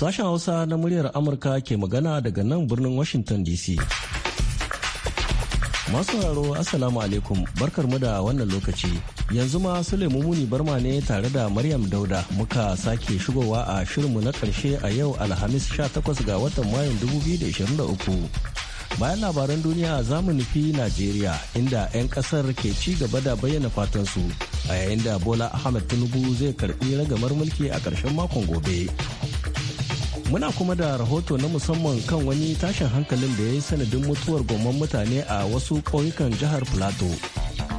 Sashen Hausa na muryar Amurka ke magana daga nan birnin Washington DC. Masu sauraro Assalamu alaikum barkar mu da wannan lokaci. Yanzu ma Sulaimu Muni Barma ne tare da Maryam Dauda muka sake shigowa a shirinmu na karshe a yau Alhamis 18 ga watan Mayun 2023. Bayan labaran duniya za mu nufi Najeriya inda 'yan kasar ke ci gaba da bayyana fatansu a yayin da Bola Ahmed Tinubu zai karbi ragamar mulki a karshen makon gobe. Muna kuma da rahoto na musamman kan wani tashin hankalin da ya yi sanadin mutuwar gomman mutane a wasu ƙauyukan jihar Plateau.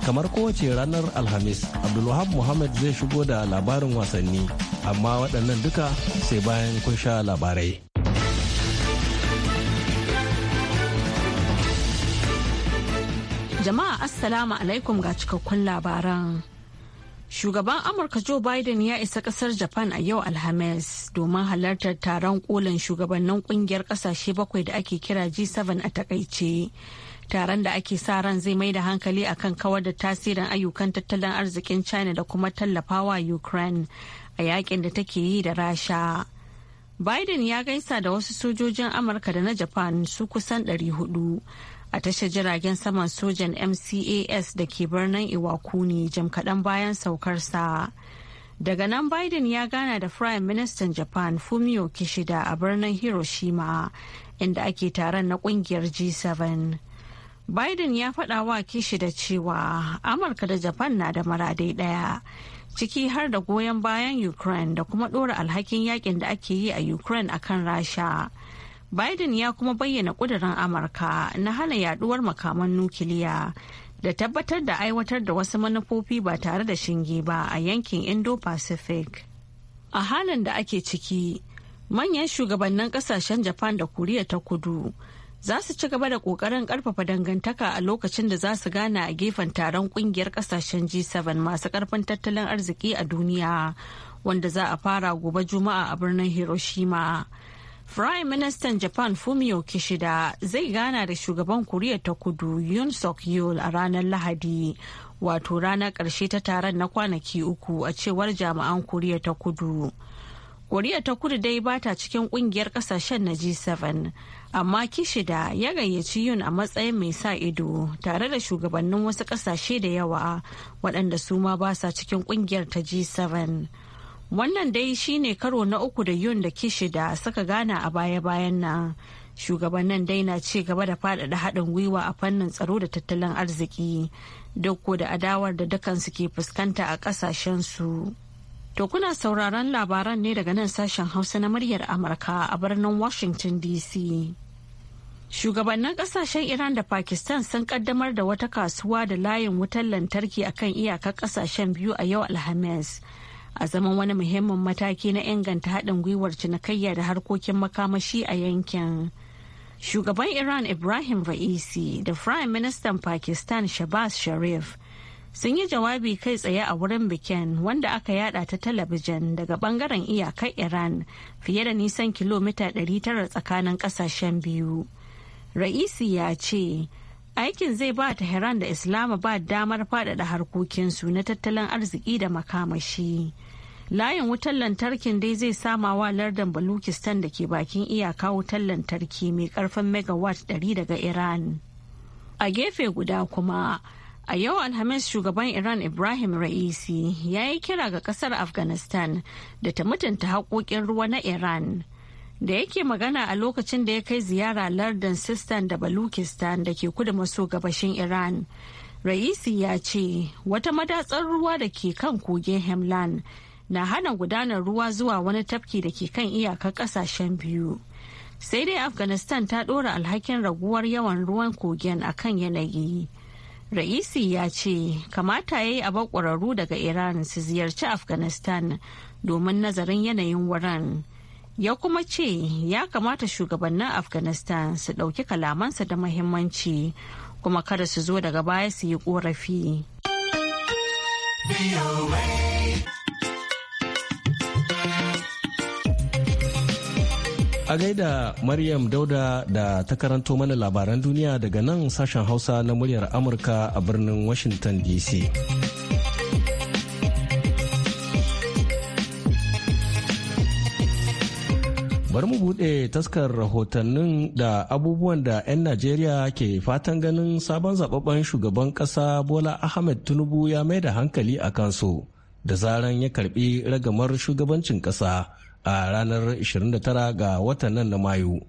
Kamar kowace ranar Alhamis, Abdulwahab Muhammad zai shigo da labarin wasanni, amma waɗannan duka sai bayan kun sha labarai. Jama'a Assalamu alaikum ga cikakkun labaran. Shugaban Amurka Joe Biden ya isa kasar Japan a yau Alhamis domin halartar taron kolin shugabannin kungiyar kasashe bakwai da ake kira G7 a takaice. Taron da ake sa ran zai mai da hankali kan kawar da tasirin ayyukan tattalin arzikin China da kuma tallafawa Ukraine a yakin da take yi da Rasha. Biden ya gaisa da wasu sojojin Amurka da na Japan su kusan 400. a tashar jiragen saman sojan mcas da ke birnin ne jim kaɗan bayan saukarsa daga nan biden ya gana da prime Minister japan fumio kishida a birnin hiroshima inda ake taron na kungiyar g7 biden ya faɗa wa kishida cewa amurka da japan na da maradai ɗaya ciki har da goyon bayan ukraine da kuma ɗora alhakin yakin da ake yi a ukraine akan rasha Biden ya kuma bayyana ƙudurin Amurka na hana yaduwar makaman nukiliya da tabbatar da aiwatar da wasu manufofi ba tare da shinge ba a yankin Indo-Pacific. A halin da ake ciki, manyan shugabannin kasashen Japan da Koriya ta kudu za su ci gaba da ƙoƙarin ƙarfafa dangantaka a lokacin da za su gana a gefen taron ƙungiyar ƙasashen G7 masu ƙarfin tattalin arziki a duniya, wanda za a fara gobe Juma'a a birnin Hiroshima. Prime Minister Japan Fumio Kishida zai gana da shugaban Koriya ta kudu Yun Suk Yul a ranar Lahadi. Wato ranar ƙarshe ta taron na kwanaki uku a cewar jami'an Koriya ta kudu. Koriya ta kudu dai ba ta cikin kungiyar kasashen na G7, amma Kishida ya gayyaci Yun a matsayin mai sa ido tare da shugabannin wasu kasashe da yawa waɗanda su ma ba sa cikin kungiyar ta G7. Wannan dai shine karo na uku da Yun da Kishida suka gana a baya-bayan nan. Shugabannin dai na ci gaba da faɗaɗa haɗin gwiwa a fannin tsaro da tattalin arziki, duk da adawar da su ke fuskanta a ƙasashensu. To kuna sauraron labaran ne daga nan sashen Hausa na muryar Amurka a birnin Washington DC. Shugabannin kasashen Iran da Pakistan sun kaddamar da wata kasuwa da layin wutar lantarki akan iyakar kasashen biyu a yau Alhamis. a zaman wani muhimmin mataki na inganta haɗin gwiwar cinikayya da harkokin makamashi a yankin. Shugaban Iran Ibrahim Ra'isi da Prime Ministan Pakistan Shabazz Sharif sun yi jawabi kai tsaye a wurin bikin wanda aka yada ta talabijin daga bangaren iyakar Iran fiye da nisan kilomita 900 tsakanin kasashen biyu. Ra'isi ya ce, aikin zai ba tehran da islama ba damar faɗaɗa harkokinsu na tattalin arziki da makamashi layin wutar lantarkin dai zai sama wa lardan balukistan da ke bakin iyaka wutar lantarki mai ƙarfin megawatt ɗari daga iran a gefe guda kuma a yau alhamis shugaban iran ibrahim ra'isi ya yi kira ga ƙasar afghanistan da ta mutunta haƙoƙin ruwa na iran da yake magana a lokacin da ya kai ziyara lardin sistan da balukistan da ke kudu maso gabashin iran raisi ya ce wata madatsar ruwa da ke kan kogin hemlan na hana gudanar ruwa zuwa wani tafki da ke kan iyakar kasashen biyu sai dai afghanistan ta ɗora alhakin raguwar yawan ruwan kogin a kan yanayi raisi ya ce kamata ya yi bakwararru daga iran su ziyarci afghanistan domin nazarin yanayin wurin ya kuma ce ya kamata shugabannin afghanistan su ɗauki kalamansa da mahimmanci kuma kada su zo daga baya su yi korafi. A gaida Maryam Dauda da ta karanto mana labaran duniya daga nan sashen Hausa na muryar Amurka a birnin Washington DC. Bari mu buɗe taskar rahotannin da abubuwan da 'yan Najeriya ke fatan ganin sabon zababben shugaban ƙasa Bola Ahmed Tinubu ya mai da hankali a kansu da zaran ya karbi ragamar shugabancin ƙasa a ranar 29 ga watan nan na Mayu.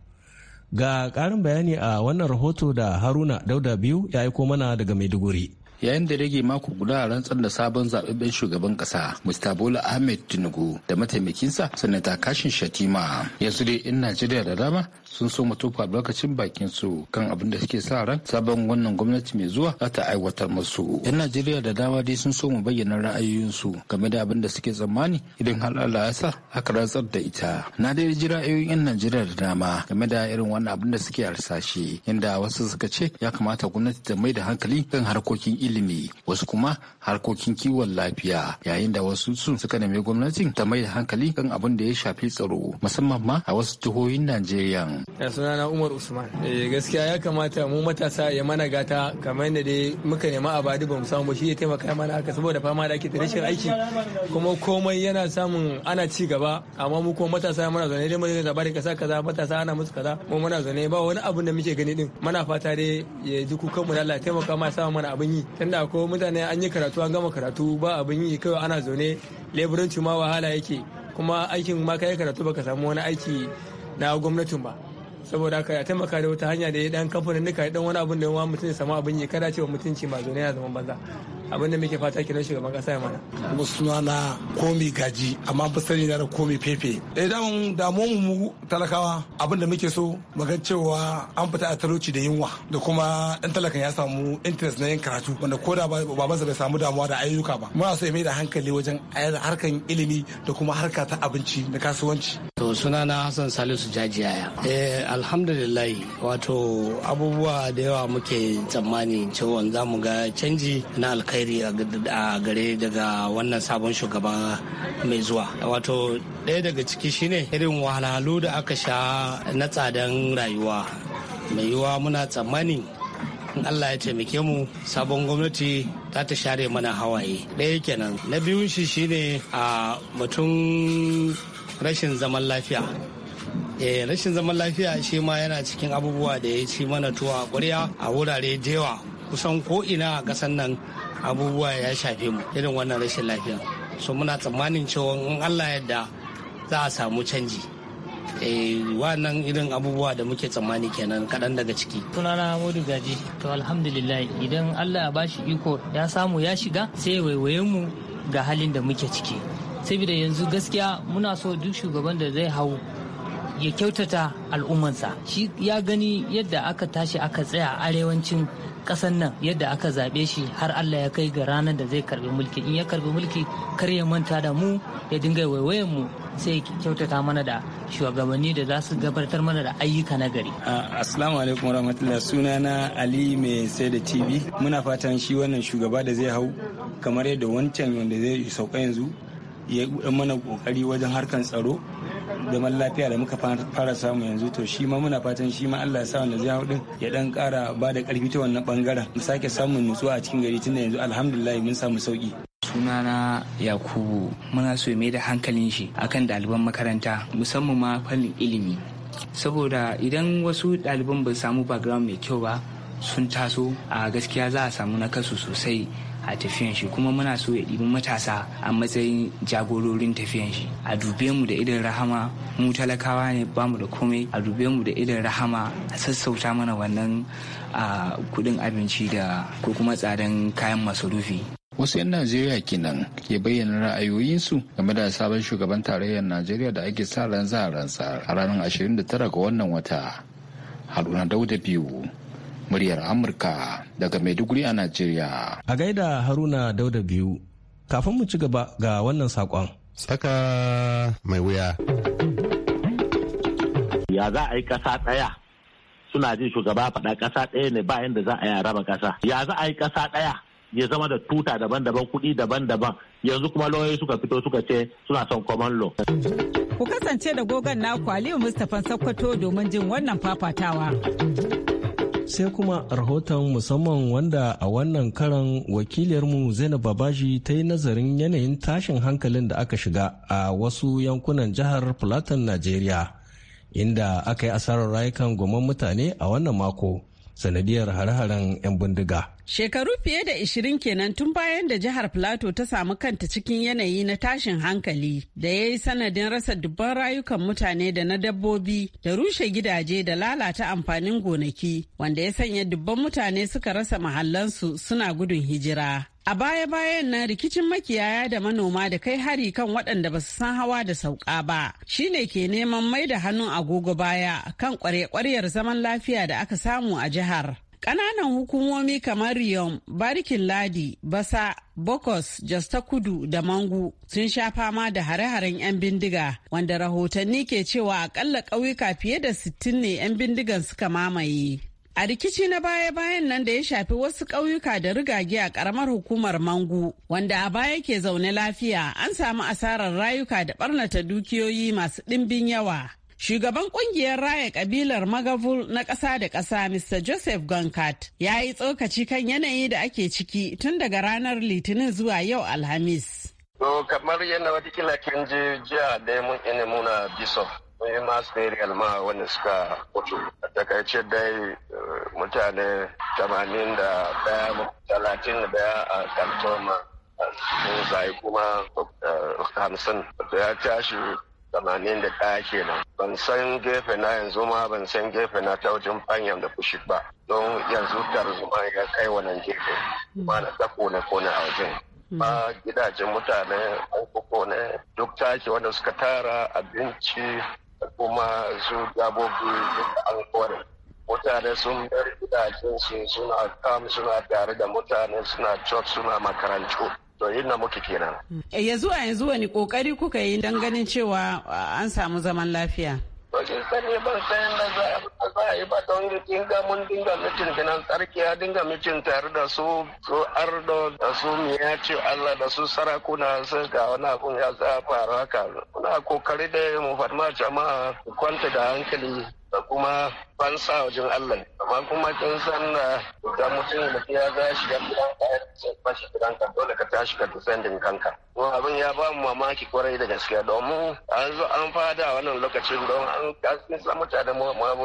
Ga ƙarin bayani a wannan rahoto da Haruna Dauda biyu ya aiko mana daga Maiduguri. yayin da rage mako guda a rantsar da sabon zaɓaɓɓen shugaban kasa mr bola ahmed tinubu da mataimakinsa sanata kashin shatima yanzu dai in najeriya da dama sun so mu tofa lokacin bakin su kan abin da suke sa ran sabon wannan gwamnati mai zuwa za ta aiwatar musu. Yan Najeriya da dama dai sun so mu bayyana ra'ayoyinsu game da abin da suke tsammani idan har Allah ya sa aka rantsar da ita. Na dai ji ra'ayoyin yan Najeriya da dama game da irin wannan abin da suke harsashe inda wasu suka ce ya kamata gwamnati ta mai da hankali kan harkokin ilimi wasu kuma harkokin kiwon lafiya yayin da wasu sun suka nemi gwamnatin ta mai da hankali kan abin da ya shafi tsaro musamman ma a wasu jihohin Najeriya. ya suna sunana umar usman eh gaskiya ya kamata mu matasa ya mana gata kamar yadda dai muka nema a badi ba mu samu ba shi ya taimaka mana haka saboda fama da ake da rashin aiki kuma komai yana samun ana ci gaba amma mu kuma matasa mana zaune dai mun da bari kasa kaza matasa ana musu kaza mu muna zaune ba wani abin da muke gani din muna fata dai ya ji kukan mu Allah taimaka ma samu mana abin yi tunda ko mutane an yi karatu an gama karatu ba abin yi kai ana zaune leburanci ma wahala yake kuma aikin ma kai karatu baka samu wani aiki na gwamnatin ba saboda haka ya taimaka da wata hanya da ya dan kamfanin nika ya dan wani abun da ya wa mutum ya samu abin ya kada cewa mutunci ma zo ya zama banza abin da muke fata kenan shugaban kasa ya mana kuma suna na komi gaji amma ba sani na komi fefe eh damun damu mu talakawa abin da muke so magan cewa an fita a talauci da yunwa da kuma dan talakan ya samu interest na yin karatu wanda ko da babansa bai samu damuwa da ayyuka ba muna so ya mai da hankali wajen harkan ilimi da kuma harka ta abinci da kasuwanci to suna na Hassan Salisu Jajiyaya eh alhamdulillah wato abubuwa da yawa muke tsammani cewa za mu ga canji na alkai alkhairi a gare daga wannan sabon shugaban mai zuwa wato ɗaya daga ciki shine irin wahalhalu da aka sha na tsadan rayuwa mai yiwuwa muna tsammanin in allah ya taimake mu sabon gwamnati za ta share mana hawaye ɗaya kenan na biyun shi shine a mutum rashin zaman lafiya eh rashin zaman lafiya shi ma yana cikin abubuwa da ya ci mana tuwa a a wurare da kusan ko ina a kasan nan abubuwa ya shafe mu irin wannan rashin lafiya so muna tsammanin cewa in allah yadda za a samu canji eh, wannan irin abubuwa da muke tsammani kenan kaɗan daga ciki. Sunana Modu Gaji, to alhamdulillah idan Allah ya bashi iko ya samu ya shiga sai waiwaye mu ga halin da muke ciki. Saboda yanzu gaskiya muna so duk shugaban da zai hau ya kyautata al'ummarsa shi ya gani yadda aka tashi aka tsaya a arewacin kasan nan yadda aka zaɓe shi har Allah ya kai ga ranar da zai karbi mulki in ya karbi mulki kar ya manta da mu ya dinga waiwayen mu sai kyautata mana da shugabanni da za su gabatar mana da ayyuka na gari. Assalamu alaikum warahmatullah sunana Ali mai sai da TV muna fatan shi wannan shugaba da zai hau kamar yadda wancan wanda zai sauka yanzu ya mana kokari wajen harkan tsaro zaman lafiya da muka fara samu yanzu to shi ma muna fatan shi ma Allah ya sa wanda zai haɗu ya dan kara ba da karfi ta wannan bangaren mu sake samun nutsuwa a cikin gari tunda yanzu alhamdulillah mun samu sauki sunana yakubu muna so mai da hankalin shi akan ɗaliban makaranta musamman ma fannin ilimi saboda idan wasu ɗaliban ba samu background mai kyau ba sun taso a gaskiya za a samu nakasu sosai a tafiyan shi kuma muna so ya ɗibi matasa a matsayin jagororin tafiyan shi a dube mu da idan rahama mu talakawa ne ba mu da komai a dube mu da idan rahama a sassauta mana wannan kudin abinci da ko kuma tsadan kayan masarufi wasu 'yan najeriya kenan ke bayyana ra'ayoyinsu game da sabon shugaban tarayyar najeriya da ake sa ran za a ransa a ranar 29 ga wannan wata haruna dauda biyu muryar Amurka daga Maiduguri a nigeria. A gaida Haruna Dauda biyu, kafin mu ci gaba ga wannan sakon. saka mai wuya. Ya za a yi ƙasa ɗaya suna jin shugaba faɗa ƙasa ɗaya ne bayan da za a yi raba ƙasa. Ya za a yi kasa ɗaya ya zama da tuta daban-daban kuɗi daban-daban yanzu kuma lauyoyi suka fito suka ce suna son common law. Ku kasance da gogon naku Aliyu Mustapha Sokoto domin jin wannan fafatawa. sai kuma rahoton musamman wanda a wannan karan wakiliyarmu zainab babaji ta yi nazarin yanayin tashin hankalin da aka shiga a wasu yankunan jihar platon najeriya inda aka yi asarar rayukan goman mutane a wannan mako sanadiyar hare-haren 'yan bindiga. Shekaru fiye da 20 kenan tun bayan da jihar Plateau ta samu kanta cikin yanayi na tashin hankali da ya yi sanadin rasa dubban rayukan mutane da na dabbobi da rushe gidaje da lalata amfanin gonaki wanda ya sanya dubban mutane suka rasa mahallansu suna gudun hijira. A baya-bayan nan rikicin makiyaya da manoma da kai hari kan waɗanda ba su san hawa da sauka ba shi ne ke neman mai da hannun agogo baya kan kware-kwaryar zaman lafiya da aka samu a jihar. Ƙananan hukumomi kamar Riyom, Barikin Ladi, Basa, Bokos, Jasta Kudu da Mangu sun sha fama da hare-haren 'yan bindiga wanda rahotanni ke cewa akalla ƙauyuka fiye da 60 ne 'yan bindigan suka mamaye. A rikici na baya-bayan nan da ya shafi wasu ƙauyuka da rigage a ƙaramar hukumar Mangu, wanda a baya ke zaune lafiya, an samu asarar rayuka da ɓarnata dukiyoyi masu ɗimbin yawa. Shugaban ƙungiyar raya kabilar Magavul na ƙasa da ƙasa Mr. Joseph Goncat, ya yi tsokaci kan yanayi da ake ciki tun daga ranar Litinin zuwa yau Alhamis. To kamar yana watakila kin je jiya da mun ina muna bisop sun masu mass burial ma wanda suka mutu a takaice dai eh, mutane 81 31 a kantoma sun zai kuma eh, hamsin da ya tashi tamanin da ɗaya kenan ban san gefe na yanzu ma ban san gefe na ta wajen fanyam da kushi ba don yanzu tarzoma ya kai wannan gefe ba na ta kone kone a wajen ba gidajen mutane ko ne duk taki wanda suka tara abinci da kuma su dabobi an kore mutane sun bar gidajensu suna kam suna tare da mutane suna church suna makarantu to na muke kenan. Eh, ya zuwa yanzu wani kokari kuka yi don ganin cewa ah, an samu zaman lafiya. Ba ke sani ban sayan na za a yi ba wani dinga mun dinga mitin dinan tsarki ya dinga mitin tare da su su ardo da su miya ce Allah da su sarakuna sun ga wani abun ya za faru haka muna kokari da mu jama'a kwanta da hankali da kuma sa wajen Allah amma kuma kin san ah, da mutum da ya ga shi da ba shi gidan ka dole ka tashi ka defending kanka ko abin ya ba mu mamaki kwarai da gaskiya domin an zo an fada wannan lokacin don an kasance sa mutane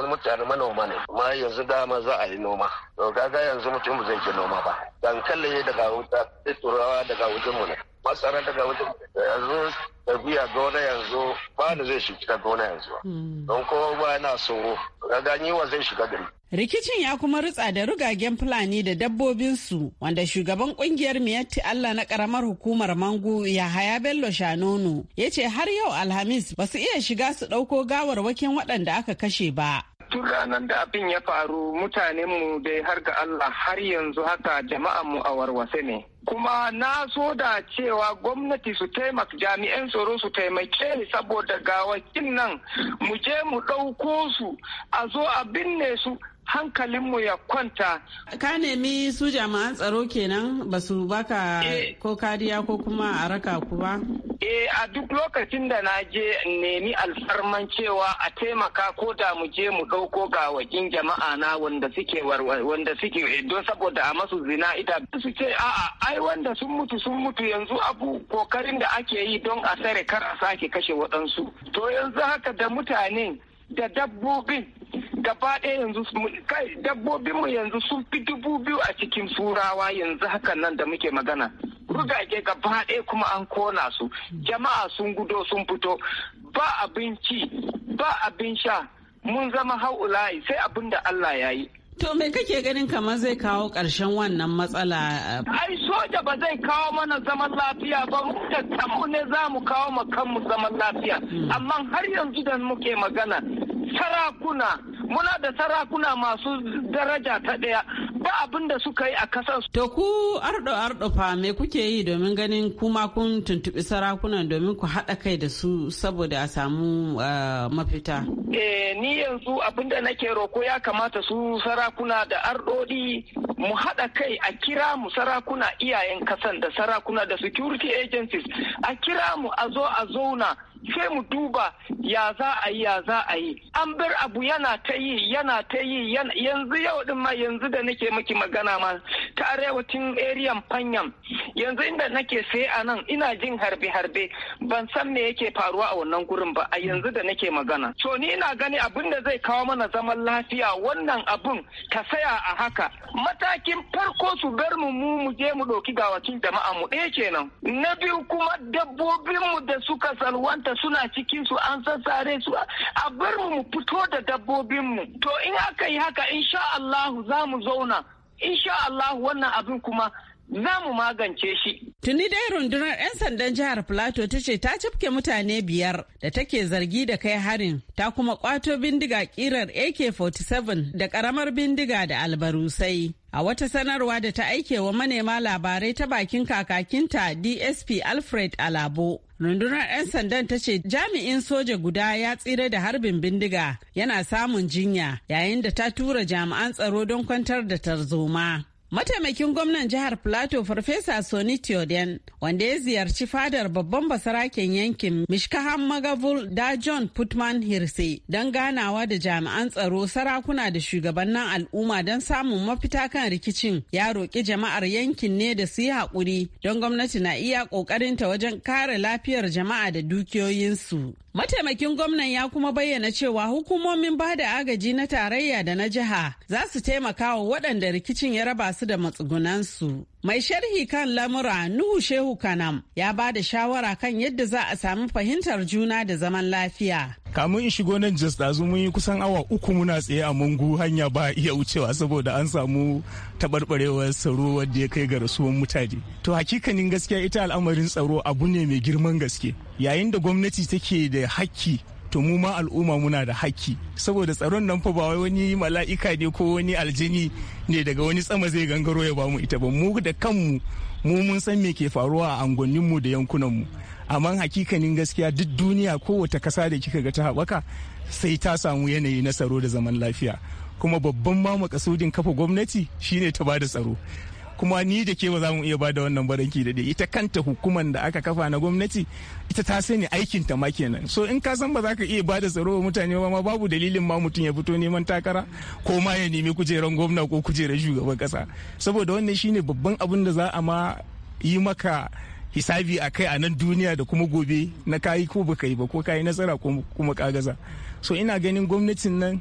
mutane manoma ne kuma yanzu dama za a yi noma to kaga yanzu mutum ba zai ke noma ba dankalin daga wuta turawa daga wajen mu ne masaran daga wajen yanzu tafiya gona yanzu ba ni zai shiga gona yanzu hmm. don kowa ba yana tsoro ga wa zai shiga gari Rikicin ya kuma rutsa da rugagen Fulani da dabbobinsu wanda shugaban kungiyar Miyatti Allah na karamar hukumar Mangu ya haya Bello Shanono ya ce har yau Alhamis ba su iya shiga su ɗauko waken waɗanda aka kashe ba. tun ranar da abin ya faru mutanen mu dai har ga Allah har yanzu haka jama'an mu a warwase ne. Kuma na so da cewa gwamnati su taimaka jami'an tsaro su taimake ni saboda gawakin nan mu je mu ɗauko su a zo a binne su hankalinmu ya kwanta. Ka nemi su jami'an tsaro kenan ba su baka eh. ko kariya ko kuma a raka ku ba? Eh a duk lokacin da na je nemi alfarman cewa a taimaka ko da mu je mu ga gawakin jama'a na wanda suke wanda suke eh, don saboda a masu zina ita su ce a'a ai wanda sun mutu sun mutu yanzu abu kokarin da ake yi don a sare kar a sake kashe waɗansu. To yanzu haka da mutane da dabbobin da yanzu kai dabbobinmu yanzu sun fi dubu biyu a cikin turawa yanzu hakan nan da muke magana rugage gaba ɗaya kuma an kona su jama'a sun gudo sun fito ba abinci ba abin sha mun zama ulayi sai abin da Allah ya yi To me kake ganin kamar zai kawo ƙarshen wannan matsala? Ai soja ba zai kawo mana zaman lafiya ba mu da tamu ne za mu kawo ma kanmu zaman lafiya. Hmm. Amma har yanzu da muke magana sarakuna muna da sarakuna masu daraja ta ɗaya ba abin da suka yi a kasar to ku ardo ardo fa me kuke yi domin ganin kuma kun tuntubi sarakunan domin ku haɗa kai da su saboda a samu eh, mafita eh ni yanzu abin da nake roko ya kamata su sarakuna da ardodi mu haɗa kai a kira mu sarakuna iyayen kasan da sarakuna da security agencies a kira mu a zo a zauna sai mu duba ya za a yi ya za a yi an bar abu yana ta yi yana ta yi yanzu yau din ma yanzu da nake miki magana ma ta arewacin eriyan fanyan yanzu inda nake sai a nan ina jin harbe-harbe ban san me yake faruwa a wannan gurin ba a yanzu da nake magana so ni ina gani abin da zai kawo mana zaman lafiya wannan abun ta saya a haka matakin farko su bar mu mu mu je mu ɗauki gawacin jama'a mu ɗaya kenan na biyu kuma dabbobin mu da suka salwanta suna cikin su an sassare su a bar mu mu fito da dabbobin mu to in aka yi haka insha Allah za mu zauna insha Allah wannan abin kuma za mu magance shi. Tuni dai rundunar 'yan sandan jihar Filato ta ce ta cafke mutane biyar da take zargi da kai harin ta kuma kwato bindiga kirar AK-47 da karamar bindiga da albarusai. A wata sanarwa da ta aike wa manema labarai ta bakin kakakinta DSP Alfred Alabo rundunar 'yan sandan ta ce jami'in soja guda ya tsira da harbin bindiga yana samun jinya yayin da ta tura jami'an tsaro don kwantar da tarzoma Mataimakin gwamnan jihar Plateau Farfesa Soni Theoden, wanda ya ziyarci fadar babban basaraken yankin Mishkahan Magavul da John Putman Hirse don ganawa da jami'an tsaro sarakuna da shugabannin al'umma don samun mafita kan rikicin ya roƙi jama'ar yankin ne da su yi haƙuri don gwamnati na iya ƙoƙarinta wajen kare lafiyar jama'a da dukiyoyinsu. Mataimakin gwamnan ya kuma bayyana cewa hukumomin ba da agaji na tarayya da na jiha za su taimaka waɗanda rikicin ya raba su da matsugunansu. Mai sharhi kan lamura Nuhu Shehu Kanam ya ba da shawara kan yadda za a sami fahimtar juna da zaman lafiya. Kamun in shigo nan Jos ɗazu mun yi kusan awa uku muna tsaye a mungu hanya ba iya wucewa saboda an samu taɓarɓarewar tsaro wadda ya kai ga rasuwan mutane. To hakikanin gaskiya ita al'amarin tsaro abu ne mai girman gaske. Yayin da gwamnati take da hakki to mu ma al'umma muna da haƙƙi saboda tsaron nan fa ba wani mala'ika ne ko wani aljini ne daga wani sama zai gangaro ya bamu ita ba mu da kanmu mu mun san me ke faruwa a mu da yankunanmu amma hakikanin gaskiya duk duniya kowace kasa da kika ga ta haɓaka sai ta samu yanayi na tsaro da zaman lafiya kuma babban ma makasudin kafa gwamnati shine ta bada tsaro kuma ni da ke ba za mu iya ba da wannan baranki da ita kanta hukumar da aka kafa na gwamnati ita ta sani aikin ta ma kenan so in ka san ba za ka iya ba da tsaro wa mutane ba ma babu dalilin ma mutum ya fito neman takara ko ma ya nemi kujeran gwamna ko kujerar shugaban kasa saboda wannan shine babban abin da za a ma yi maka hisabi a kai a nan duniya da kuma gobe na kayi ko baka yi ba ko kayi nasara ko kuma kagaza so ina ganin gwamnatin nan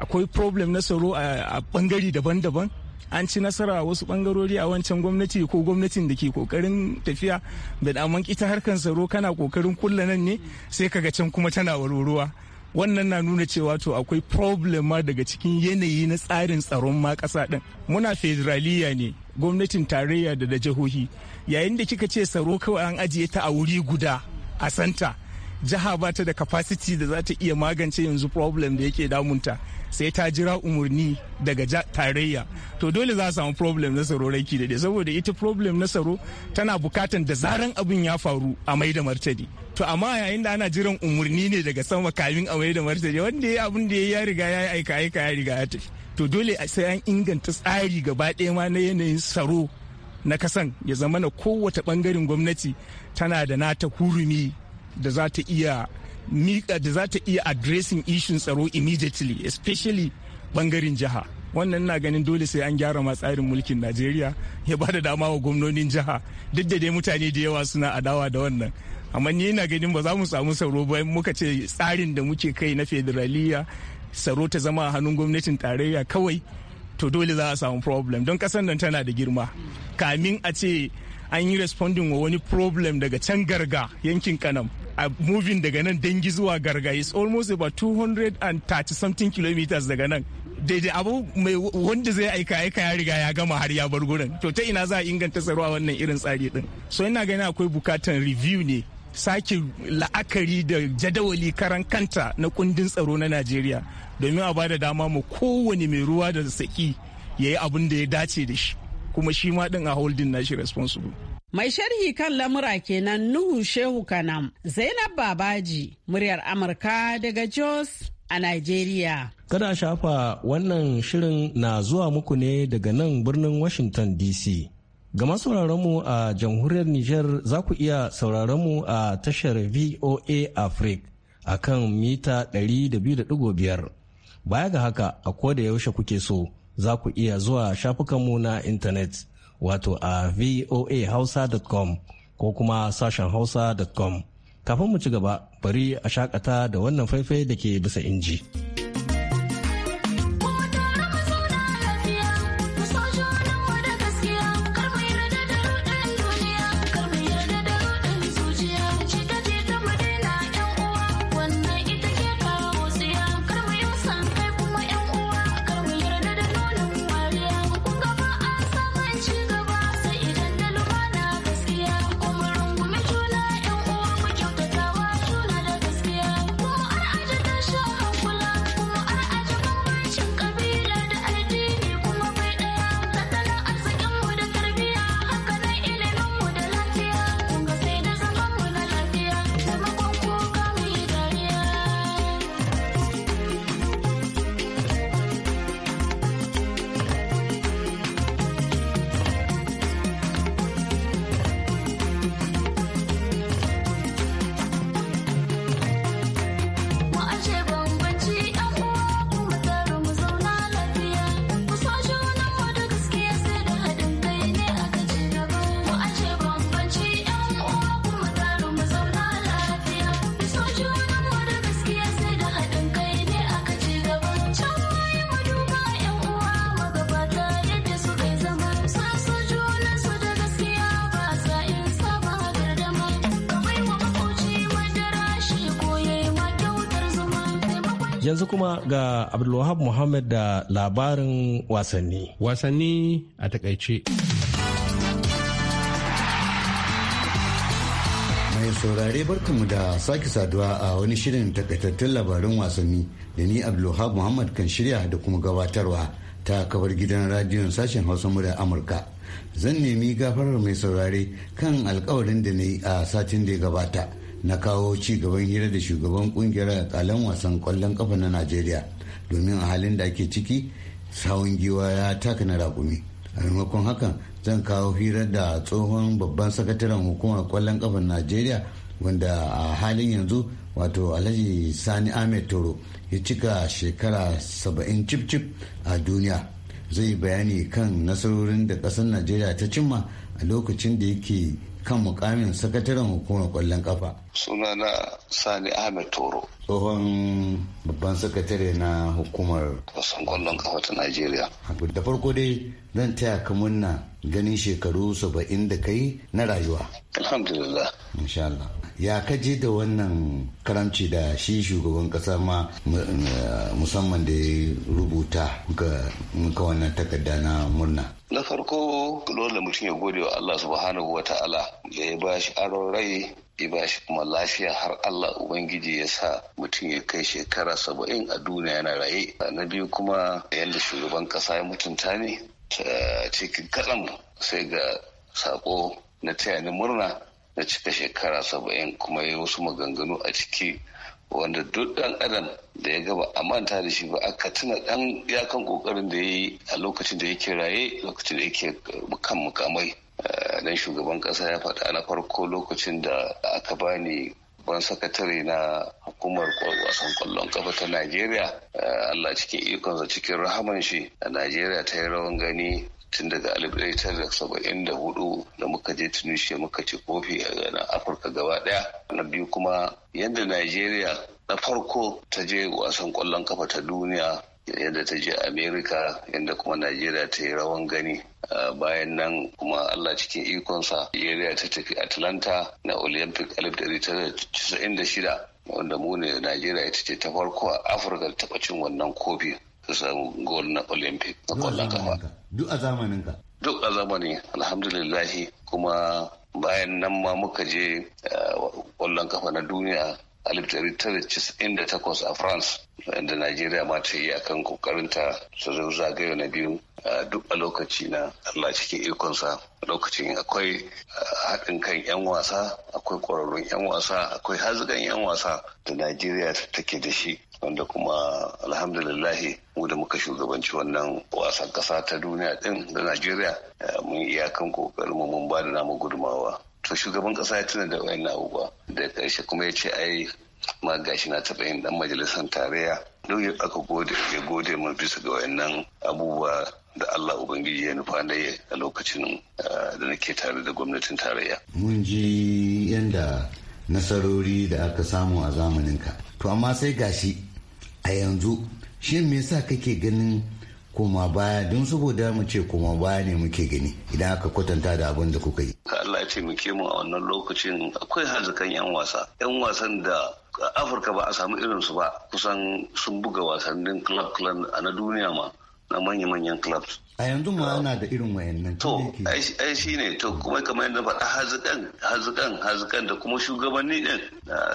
akwai problem na tsaro a bangare daban-daban an ci nasara wasu bangarori a wancan gwamnati ko gwamnatin da ke kokarin tafiya da daman ita harkar tsaro kana kokarin kulla nan ne sai kaga can kuma tana waruruwa. wannan na nuna cewa to akwai problem daga cikin yanayi na tsarin tsaron ma kasa din muna federaliya ne gwamnatin tarayya da da jihohi yayin da kika ce tsaro kawai an ajiye ta a wuri guda a santa jiha ba ta da capacity da za ta iya magance yanzu problem da yake damunta sai ta jira umarni daga tarayya to dole za a samu problem na tsaro raki da saboda ita problem na tsaro tana bukatan da zaran abin ya faru a mai da martani to amma yayin da ana jiran umarni ne daga sama kamin a mai da martani wanda ya abin da ya riga ya aika aika ya riga ya to dole sai an inganta tsari gaba ɗaya ma na yanayin tsaro na kasan ya zama na kowace bangaren gwamnati tana da nata hurumi da za ta iya mika da za ta iya addressing issues tsaro immediately especially bangaren jiha wannan na ganin dole sai an gyara ma tsarin mulkin najeriya ya ba da dama wa gwamnonin jiha duk da dai mutane da yawa suna adawa da wannan amma ni na ganin ba za mu samu tsaro ba muka ce tsarin da muke kai na federaliya tsaro ta zama a hannun gwamnatin tarayya kawai to dole za a samu problem don kasan nan tana da girma kamin a ce an yi responding wa wani problem daga can garga yankin kanam a moving daga nan dangi zuwa garga is almost about 230 something kilometers daga nan daidai abu mai wanda zai aika aika ya riga ya gama har ya bar gurin to ta ina za a inganta tsaro a wannan irin tsari din so ina gani akwai bukatan review ne sake la'akari da jadawali karan kanta na kundin tsaro na najeriya domin a bada dama mu kowane mai ruwa da saki ya yi abin da ya dace da shi kuma shi ma din a holding shi responsible Mai sharhi kan lamura kenan Nuhu Shehu Kanam, Zainab Babaji, muryar Amurka daga Jos a Najeriya. Kada shafa wannan shirin na zuwa muku ne daga nan birnin Washington DC. Ga masu mu a jamhuriyar Nijar za ku iya sauraronmu a tashar VOA Africa a kan mita 200.5. Baya ga haka, a da yaushe kuke so. za ku iya zuwa shafukanmu na intanet wato a voahausa.com ko kuma sashen hausa.com kafin mu ci gaba bari a shakata da wannan faifai da ke bisa inji. Yanzu kuma ga Abdulwahab Muhammad da labarin wasanni. Wasanni a takaice. Mai saurare barkanmu da sake saduwa a wani shirin takaitattun labarin wasanni da ni Abdulwahab Muhammad kan shirya da kuma gabatarwa ta kabar gidan radiyon sashen Hausa da Amurka. Zan nemi gafarar mai saurare kan alkawarin da na yi a satin da ya gabata. na kawo ci gaban hira da shugaban kungiyar kalan wasan kwallon kafa na najeriya domin a halin da ake ciki sawun giwa ya taka na rakumi a maimakon hakan zan kawo hira da tsohon babban sakataren hukumar kwallon ƙafa najeriya wanda a halin yanzu wato alhaji sani ahmed toro ya cika shekara 70 cip cip a duniya zai bayani kan nasarorin da kasar najeriya ta cimma a lokacin da yake kan mukamin sakataren hukumar kwallon kafa. na Sani Ahmed Toro. Tsohon babban sakatare na hukumar wasan kwallon kafa ta Najeriya. Da farko dai zan taya ka munna ganin shekaru saba'in da kai na rayuwa. Alhamdulillah. Insha Allah. Ya kaji da wannan karamci da shi shugaban kasa ma eh, musamman da ya rubuta ga wannan takarda na murna. na farko dole mutum ya gode wa Allah subhanahu wa ta'ala da ya ba shi aron rai ya ba shi kuma lafiya har Allah Ubangiji ya sa mutum ya kai shekara saba'in a duniya yana raye na biyu kuma yadda shugaban kasa ya mutunta ne ta cikin kaɗan sai ga sako na taya ni murna na cika shekara saba'in kuma ya yi wasu maganganu a ciki wanda duk dan adam da ya gaba a manta da shi ba aka tuna dan yakan kokarin da ya yi a lokacin da yake raye lokacin da yake kan mukamai eh, dan shugaban kasa ya faɗa na farko lokacin da aka bani ban sakatare na hukumar wasan kwallon kafa ta najeriya eh, allah cikin ikonsa cikin rahaman shi a najeriya ta yi rawan gani tun daga saba'in da da hudu muka je tunisia muka ci kofi a afirka gaba daya na biyu kuma yadda nigeria na farko ta je wasan kwallon kafa ta duniya yadda ta je america yadda kuma nigeria ta yi rawan gani bayan nan kuma allah cikin ikonsa nigeria ta tafi atlanta na olympic 1996 wanda mu ne nigeria ita ce ta farko a afirka taɓa cin wannan kofi gol na olympic na kwallon kafa duk a zamanin ka duk a zamani alhamdulillahi kuma bayan nan ma muka je eh, kwallon kafa na duniya a 1998 a france inda najeriya ma ta yi akan ta su zo zagaye na biyu eh, duk a lokaci na allah cikin ikonsa lokacin akwai eh, haɗin kan 'yan wasa akwai ƙwararrun 'yan wasa akwai hazgan 'yan wasa da najeriya take da shi wanda kuma alhamdulillahi mu da muka shugabanci wannan wasan kasa ta duniya din da najeriya eh, mun iyakan kokarin mun ba da namu gudumawa to shugaban kasa ya tuna da wayan abubuwa da karshe kuma ya ce ai ma gashi na taɓa yin dan majalisar tarayya duk aka gode ya gode mun bisa ga wayannan abubuwa da Allah Ubangiji ya nufa na a lokacin eh, da nake tare da gwamnatin tarayya. Mun ji yanda nasarori da aka samu a zamaninka. To amma sai gashi a yanzu shin me yasa kake ganin koma baya don saboda mu ce koma baya ne muke gani idan aka kwatanta da abin da kuka yi. Allah ya taimake mu a wannan lokacin akwai hazikan 'yan wasa. 'Yan wasan da Afirka ba a samu irinsu ba kusan sun buga wasannin club club a na duniya ma. na manya-manyan clubs a yanzu ma ana da irin wayannan to ai shi ne to kuma kamar yadda faɗa hazikan hazikan hazikan da kuma shugabanni din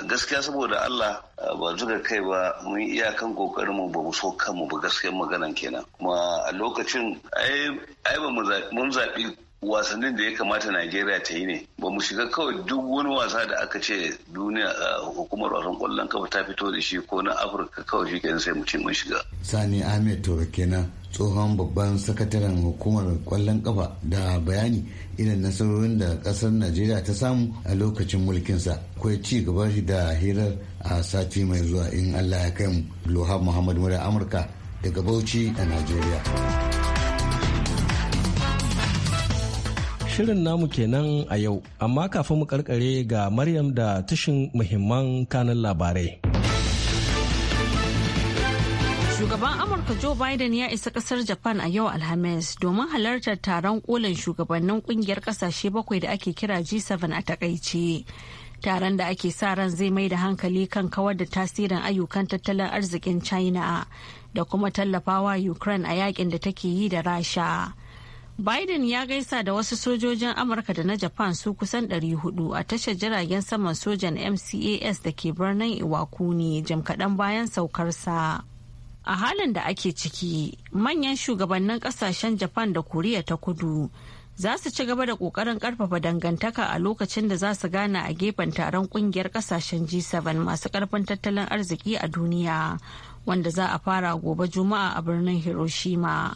gaskiya saboda Allah ba zuga kai ba mun iyakan kokarin mu ba mu so kanmu ba gaskiyar maganan kenan kuma a lokacin ai ba mun zaɓi wasannin da ya kamata Najeriya ta yi ne ba mu shiga kawai duk wani wasa da aka ce duniya hukumar wasan kwallon kafa ta fito da shi ko na Afirka kawai shi kenan sai mu ce mun shiga. Sani Ahmed Toro kenan tsohon babban sakataren hukumar kwallon kafa da bayani irin nasarorin da kasar Najeriya ta samu a lokacin mulkinsa. Akwai ci gaba shi da hirar a sati mai zuwa in Allah ya kai mu. Lohab Muhammad Mura Amurka daga Bauchi a Najeriya. Shirin namu kenan a yau, amma kafin mu karkare ga Maryam da tashin muhimman kanan labarai. Shugaban Amurka Joe Biden ya isa kasar Japan a yau Alhamis domin halartar taron kolin shugabannin kungiyar kasashe bakwai da ake kira G7 a takaice. Taron da ake sa ran zai mai da hankali kan kawar da tasirin ayyukan tattalin arzikin China da kuma tallafawa Ukraine a yakin da take yi da Rasha. Biden ya gaisa da wasu sojojin Amurka da na Japan su kusan 400 a tashar jiragen saman sojan MCAS da ke birnin Iwakuni jim kaɗan bayan saukarsa. A halin da ake ciki, manyan shugabannin ƙasashen Japan da Koriya ta kudu za su ci gaba da ƙoƙarin ƙarfafa dangantaka a lokacin da za su gana a gefen taron ƙungiyar ƙasashen G7 masu ƙarfin tattalin arziki a duniya, wanda za a fara gobe Juma'a a birnin Hiroshima.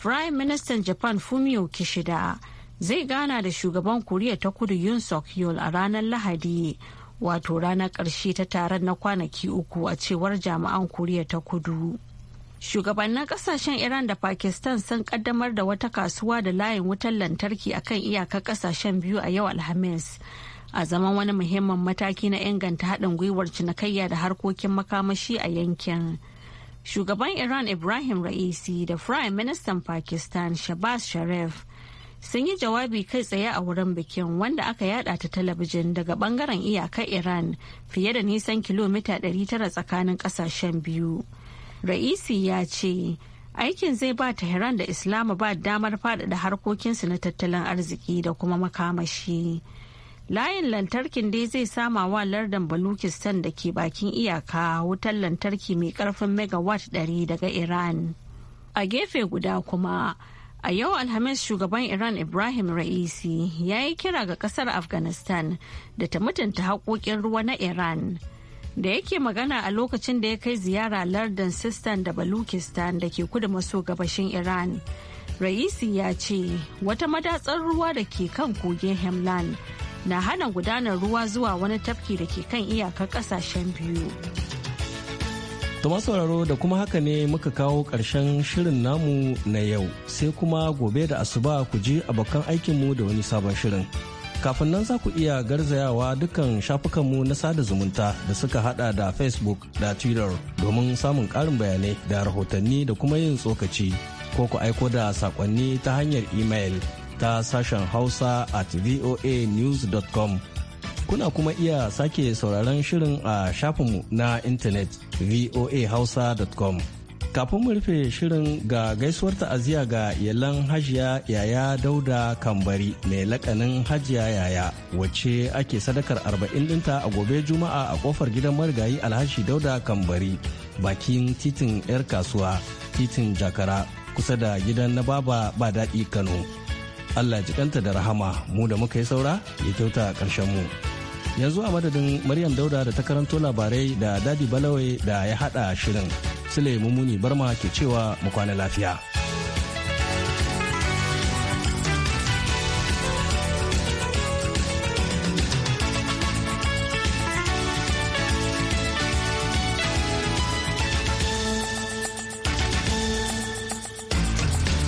Prime minister Japan Fumio Kishida zai gana da shugaban Koriya ta kudu Yun Suk Yeol a ranar Lahadi wato ranar ƙarshe ta taron na kwanaki uku a cewar jami'an Koriya ta kudu. Shugabannin kasashen Iran da Pakistan sun kaddamar da wata kasuwa da layin wutar lantarki akan iyakar kasashen biyu a yau Alhamis. A zaman wani muhimmin mataki na inganta haɗin gwiwar cinikayya da harkokin makamashi a yankin. shugaban iran ibrahim ra'isi da prime minister pakistan shabaz sharif sun yi jawabi kai tsaye a wurin bikin wanda aka yada ta talabijin daga bangaren iyakar iran fiye da nisan kilomita 900 tsakanin kasashen biyu ra'isi ya ce aikin zai ba tehran da ba damar faɗaɗa harkokinsu na tattalin arziki da kuma makamashi. layin lantarkin dai zai sama wa lardan balukistan da ke bakin iyaka wutar lantarki mai karfin megawatt 100 daga iran a gefe guda kuma a yau alhamis shugaban iran ibrahim ra'isi ya yi kira ga kasar afghanistan da ta mutunta haƙoƙin ruwa na iran da yake magana a lokacin da ya kai ziyara lardin sistan da balukistan da ke kudu maso gabashin iran raisi ya ce wata madatsar ruwa da ke kan kogin hemland na hana gudanar ruwa zuwa wani tafki da ke kan iyakar kasashen biyu. Tuma sauraro da kuma haka ne muka kawo ƙarshen shirin namu na yau sai kuma gobe da asuba ku ji abokan aikinmu da wani sabon shirin. Kafin nan za ku iya garzayawa dukkan shafukanmu na sada zumunta da suka hada da Facebook da Twitter domin samun ƙarin bayanai da rahotanni da kuma yin tsokaci ko ku aiko da saƙonni ta hanyar email. ta sashen Hausa at voanews.com. Kuna kuma iya sake sauraron shirin a shafinmu na intanet voahausa.com. Kafin mu rufe shirin ga gaisuwar ta'aziyya ga yalan hajiya yaya dauda kambari mai lakanin hajiya yaya wacce ake sadakar arba'in dinta a gobe juma'a a kofar gidan marigayi alhaji dauda kambari bakin titin 'yar kasuwa titin jakara kusa da gidan na baba ba daɗi kano Allah ji kanta da rahama mu da muka yi saura ya kyauta a ƙarshen mu. Yanzu a madadin Maryam Dauda da ta karanto labarai da Dadi Balawai da ya haɗa shirin. Sule Mumuni Barma ke cewa mu kwana lafiya.